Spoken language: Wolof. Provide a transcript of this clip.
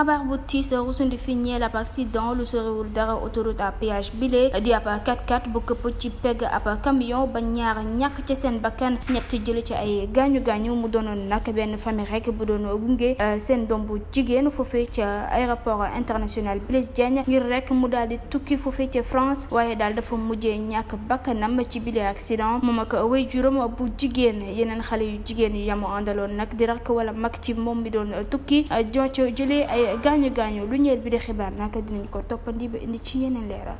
xabaar bu tiis rusundi fi ñeel ab accident lu sorewul dara autoroute à péage bile di ab 4x4 bu këpp ci pegg ab camion ba ñaar ñàkk ci seen bakkan ñett jële ci ay gaañu gaañu mu doonoon nag benn famille rek bu doon gunge euh, seen doom bu jigéen foofee ca aéroport international Blaise Diagne ngir rek mu daal di tukki foofee ca France waaye daal dafa mujjee ñàkk bakkanam ci bile accident moom ak way juróom bu jigéen yeneen xale yu jigéen yu yamu àndaloon nag di rakk wala mag ci moom mi doon tukki euh, gaañu gaañu lu ñeel bi di xibaar naata dinañ ko toppandi ba indi ci yeneen leeral